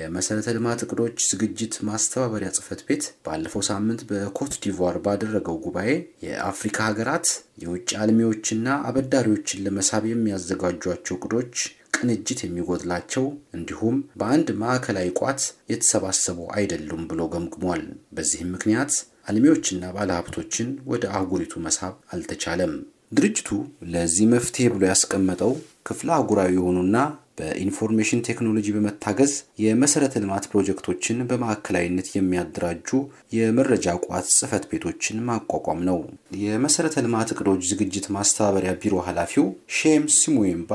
የመሰረተ ልማት እቅዶች ዝግጅት ማስተባበሪያ ጽህፈት ቤት ባለፈው ሳምንት በኮት ዲቯር ባደረገው ጉባኤ የአፍሪካ ሀገራት የውጭ አልሚዎችና አበዳሪዎችን ለመሳብ የሚያዘጋጇቸው እቅዶች ቅንጅት የሚጎድላቸው እንዲሁም በአንድ ማዕከላዊ ቋት የተሰባሰቡ አይደሉም ብሎ ገምግሟል። በዚህም ምክንያት አልሚዎችና ባለሀብቶችን ወደ አህጉሪቱ መሳብ አልተቻለም። ድርጅቱ ለዚህ መፍትሄ ብሎ ያስቀመጠው ክፍለ አህጉራዊ የሆኑና በኢንፎርሜሽን ቴክኖሎጂ በመታገዝ የመሰረተ ልማት ፕሮጀክቶችን በማዕከላዊነት የሚያደራጁ የመረጃ ቋት ጽህፈት ቤቶችን ማቋቋም ነው። የመሰረተ ልማት እቅዶች ዝግጅት ማስተባበሪያ ቢሮ ኃላፊው ሼም ሲሙዌምባ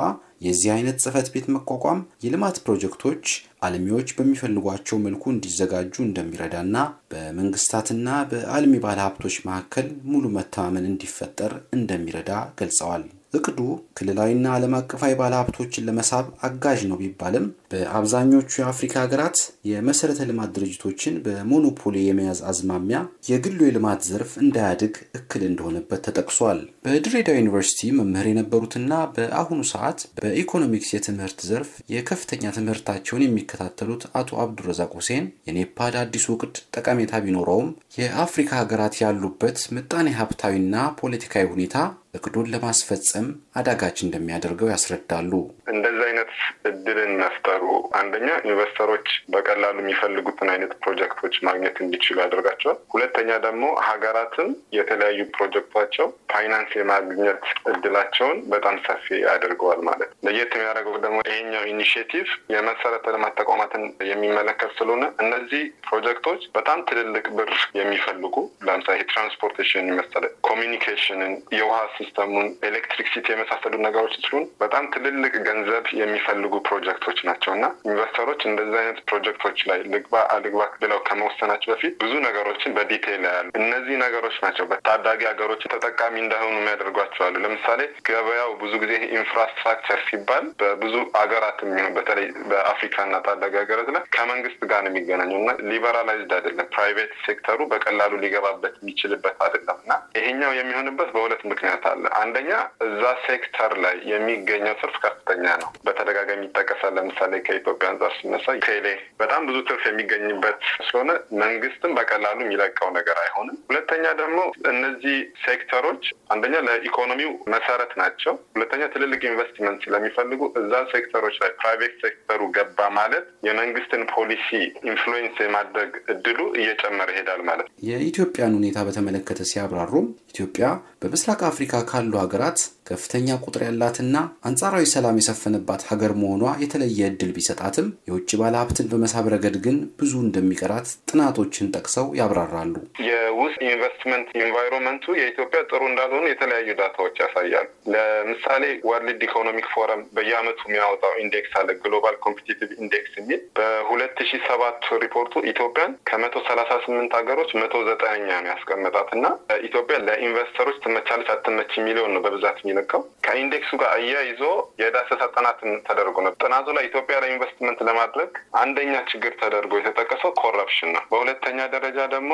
የዚህ አይነት ጽህፈት ቤት መቋቋም የልማት ፕሮጀክቶች አልሚዎች በሚፈልጓቸው መልኩ እንዲዘጋጁ እንደሚረዳና በመንግስታትና በአልሚ ባለሀብቶች መካከል ሙሉ መተማመን እንዲፈጠር እንደሚረዳ ገልጸዋል። እቅዱ ክልላዊና ዓለም አቀፋዊ ባለሀብቶችን ለመሳብ አጋዥ ነው ቢባልም በአብዛኞቹ የአፍሪካ ሀገራት የመሰረተ ልማት ድርጅቶችን በሞኖፖሊ የመያዝ አዝማሚያ የግሉ የልማት ዘርፍ እንዳያድግ እክል እንደሆነበት ተጠቅሷል። በድሬዳዋ ዩኒቨርሲቲ መምህር የነበሩትና በአሁኑ ሰዓት በኢኮኖሚክስ የትምህርት ዘርፍ የከፍተኛ ትምህርታቸውን የሚከታተሉት አቶ አብዱረዛቅ ሁሴን የኔፓድ አዲሱ እቅድ ጠቀሜታ ቢኖረውም የአፍሪካ ሀገራት ያሉበት ምጣኔ ሀብታዊና ፖለቲካዊ ሁኔታ እቅዱን ለማስፈጸም አዳጋች እንደሚያደርገው ያስረዳሉ። እንደዚህ አይነት እድልን መፍጠሩ አንደኛ ኢንቨስተሮች በቀላሉ የሚፈልጉትን አይነት ፕሮጀክቶች ማግኘት እንዲችሉ ያደርጋቸዋል። ሁለተኛ ደግሞ ሀገራትም የተለያዩ ፕሮጀክቶቻቸው ፋይናንስ የማግኘት እድላቸውን በጣም ሰፊ ያደርገዋል ማለት ነው። ለየት የሚያደርገው ደግሞ ይሄኛው ኢኒሽቲቭ የመሰረተ ልማት ተቋማትን የሚመለከት ስለሆነ እነዚህ ፕሮጀክቶች በጣም ትልልቅ ብር የሚፈልጉ ለምሳሌ ትራንስፖርቴሽን የመሰለ ኮሚኒኬሽንን፣ የውሃ ሲስተሙን፣ ኤሌክትሪክ ሲቲ የመሳሰሉ ነገሮች ሲሆን በጣም ትልልቅ ገንዘብ የሚፈልጉ ፕሮጀክቶች ናቸው እና ኢንቨስተሮች እንደዚህ አይነት ፕሮጀክቶች ላይ ልግባ አልግባ ብለው ከመወሰናቸው በፊት ብዙ ነገሮችን በዲቴይል ያያሉ። እነዚህ ነገሮች ናቸው በታዳጊ ሀገሮች ተጠቃሚ እንዳይሆኑ የሚያደርጓቸው አሉ። ለምሳሌ ገበያው ብዙ ጊዜ ኢንፍራስትራክቸር ሲባል በብዙ አገራት የሚሆን በተለይ በአፍሪካና ታዳጊ ሀገራት ላይ ከመንግስት ጋር ነው የሚገናኘው እና ሊበራላይዝድ አይደለም። ፕራይቬት ሴክተሩ በቀላሉ ሊገባበት የሚችልበት አይደለም እና ይሄኛው የሚሆንበት በሁለት ምክንያት አለ። አንደኛ እዛ ሴክተር ላይ የሚገኘው ትርፍ ከፍተኛ ነው። በተደጋጋሚ ይጠቀሳል። ለምሳሌ ከኢትዮጵያ አንጻር ሲነሳ ቴሌ በጣም ብዙ ትርፍ የሚገኝበት ስለሆነ መንግስትም በቀላሉ የሚለቀው ነገር አይሆንም። ሁለተኛ ደግሞ እነዚህ ሴክተሮች አንደኛ ለኢኮኖሚው መሰረት ናቸው። ሁለተኛ ትልልቅ ኢንቨስትመንት ስለሚፈልጉ እዛ ሴክተሮች ላይ ፕራይቬት ሴክተሩ ገባ ማለት የመንግስትን ፖሊሲ ኢንፍሉዌንስ የማድረግ እድሉ እየጨመረ ይሄዳል ማለት ነው። የኢትዮጵያን ሁኔታ በተመለከተ ሲያብራሩም ኢትዮጵያ በምስራቅ አፍሪካ ካሉ ሀገራት ከፍተኛ ቁጥር ያላትና አንጻራዊ ሰላም የሰፈነባት ሀገር መሆኗ የተለየ እድል ቢሰጣትም የውጭ ባለሀብትን በመሳብ ረገድ ግን ብዙ እንደሚቀራት ጥናቶችን ጠቅሰው ያብራራሉ። የውስጥ ኢንቨስትመንት ኢንቫይሮንመንቱ የኢትዮጵያ ጥሩ እንዳልሆኑ የተለያዩ ዳታዎች ያሳያል። ለምሳሌ ወርልድ ኢኮኖሚክ ፎረም በየአመቱ የሚያወጣው ኢንዴክስ አለ፣ ግሎባል ኮምፒቲቲቭ ኢንዴክስ የሚል በሁለት ሺ ሰባት ሪፖርቱ ኢትዮጵያን ከመቶ ሰላሳ ስምንት ሀገሮች መቶ ዘጠነኛ ነው ያስቀመጣት እና ኢትዮጵያ ለኢንቨስተሮች ትመቻለች አትመች የሚለውን ነው በብዛት የሚለቀው። ከኢንዴክሱ ጋር አያይዞ የዳሰሳ ጥናት ተደርጎ ነው። ጥናቱ ላይ ኢትዮጵያ ላይ ኢንቨስትመንት ለማድረግ አንደኛ ችግር ተደርጎ የተጠቀሰው ኮረፕሽን ነው። በሁለተኛ ደረጃ ደግሞ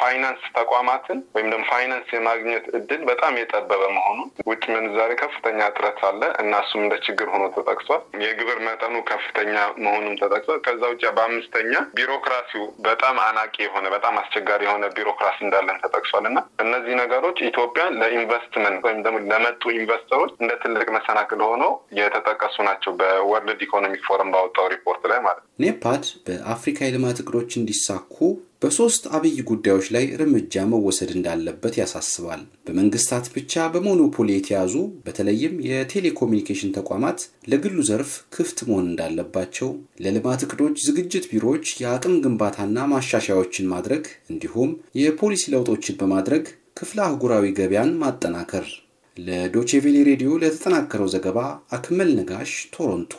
ፋይናንስ ተቋማትን ወይም ደግሞ ፋይናንስ የማግኘት እድል በጣም የጠበበ መሆኑ፣ ውጭ ምንዛሬ ከፍተኛ እጥረት አለ እና እሱም እንደ ችግር ሆኖ ተጠቅሷል። የግብር መጠኑ ከፍተኛ መሆኑም ተጠቅሷል። ከዛ ውጭ በአምስተኛ ቢሮክራሲው በጣም አናቂ የሆነ በጣም አስቸጋሪ የሆነ ቢሮክራሲ እንዳለን ተጠቅሷል እና እነዚህ ነገሮች ኢትዮጵያ ለኢንቨስትመንት ወይም ደግሞ ለመጡ ኢንቨስተሮች እንደ ትልቅ መሰናክል ሆኖ የተጠቀሱ ናቸው በወርልድ ኢኮኖሚክ ፎረም ባወጣው ሪፖርት ላይ ማለት ነው። ኔፓድ በአፍሪካ የልማት እቅዶች እንዲሳኩ በሶስት አብይ ጉዳዮች ላይ እርምጃ መወሰድ እንዳለበት ያሳስባል። በመንግስታት ብቻ በሞኖፖሊ የተያዙ በተለይም የቴሌኮሙኒኬሽን ተቋማት ለግሉ ዘርፍ ክፍት መሆን እንዳለባቸው፣ ለልማት እቅዶች ዝግጅት ቢሮዎች የአቅም ግንባታና ማሻሻያዎችን ማድረግ እንዲሁም የፖሊሲ ለውጦችን በማድረግ ክፍለ አህጉራዊ ገበያን ማጠናከር። ለዶቼቬሌ ሬዲዮ ለተጠናከረው ዘገባ አክመል ነጋሽ ቶሮንቶ